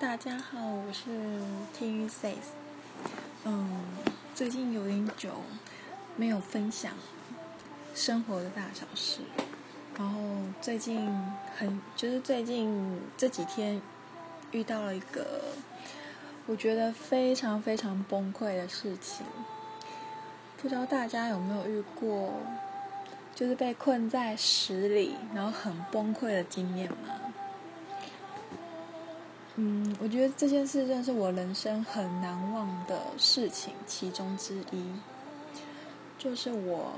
大家好，我是 T V says。嗯，最近有點久沒有分享生活的大小事，然後最近很就是最近這幾天遇到了一個我覺得非常非常崩潰的事情，不知道大家有沒有遇過，就是被困在屎裡然後很崩潰的經驗嗎？嗯，我覺得這件事真的是我人生很難忘的事情其中之一，就是我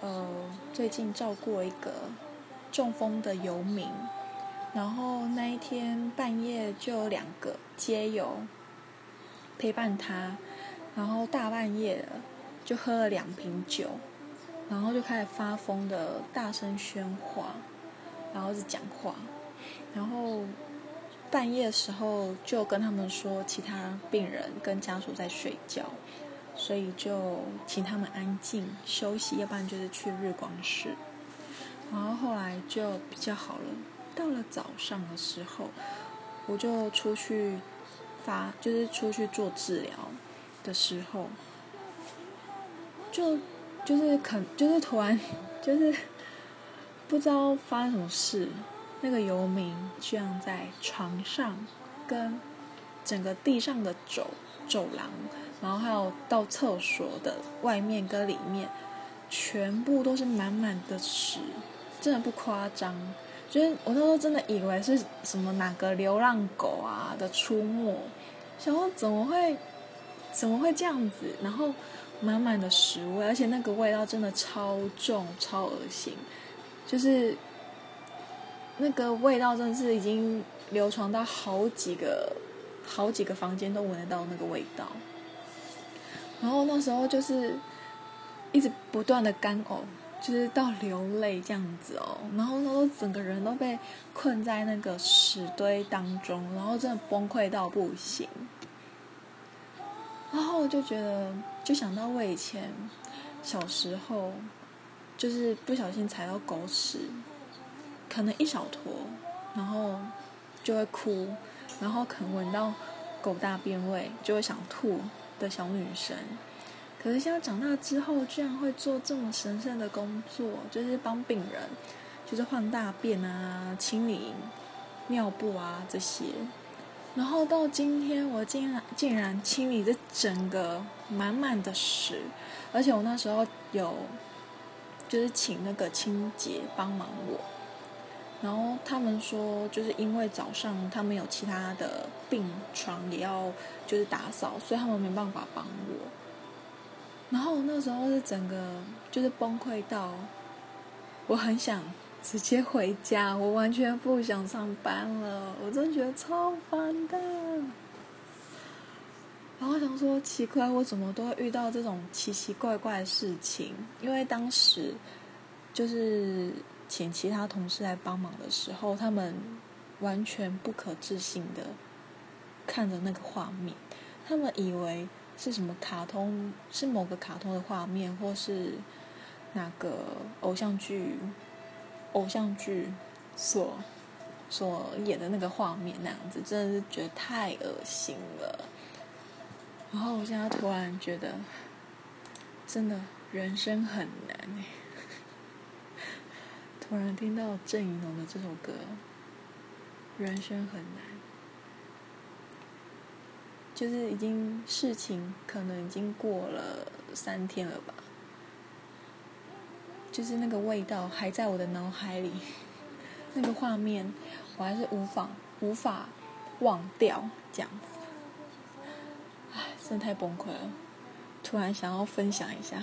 呃最近照顧一個中風的游民，然後那一天半夜就有兩個街友陪伴他，然後大半夜就喝了兩瓶酒，然後就開始發瘋的大聲喧譁，然後就講話，然後。半夜的時候，就跟他們說其他病人跟家屬在睡覺，所以就請他們安靜休息，要不然就是去日光室，然後後來就比較好了。到了早上的時候，我就出去發，就是出去做治療的時候，就就是肯就是突然就是不知道發生什麼事，那個游民居然在床上，跟整個地上的走走廊，然後還有到廁所的外面跟裡面，全部都是滿滿的屎，真的不誇張。就是我那時候真的以為是什麼哪個流浪狗啊的出沒，想說怎麼會怎麼會這樣子？然後滿滿的屎味，而且那個味道真的超重超噁心，就是。那個味道真的是已經流傳到好幾個、好幾個房間都聞得到那個味道。然後那時候就是一直不斷的乾嘔，就是到流淚這樣子哦。然後那時候整個人都被困在那個屎堆當中，然後真的崩潰到不行。然後我就覺得，就想到我以前小時候，就是不小心踩到狗屎。可能一小坨，然後就會哭，然後可能聞到狗大便味就會想吐的小女生，可是現在長大之後，居然會做這麼神聖的工作，就是幫病人，就是換大便啊、清理尿布啊這些，然後到今天我竟然竟然清理這整個滿滿的屎，而且我那時候有就是請那個清潔幫忙我。然後他們說，就是因為早上他們有其他的病床也要就是打掃，所以他們沒辦法幫我。然後我那時候是整個就是崩潰到，我很想直接回家，我完全不想上班了，我真覺得超煩的。然後我想說，奇怪，我怎麼都會遇到這種奇奇怪怪的事情？因為當時就是。請其他同事來幫忙的時候，他們完全不可置信的看着那個畫面，他們以為是什麼卡通，是某個卡通的畫面，或是哪個偶像劇，偶像劇所所演的那個畫面那樣子，真的是覺得太惡心了。然後我現在突然覺得，真的人生很難哎。突然聽到鄭宜農的這首歌，《人生很難》，就是已經事情可能已經過了三天了吧，就是那個味道還在我的腦海裡，那個畫面我還是無法無法忘掉這樣，唉，真的太崩潰了，突然想要分享一下。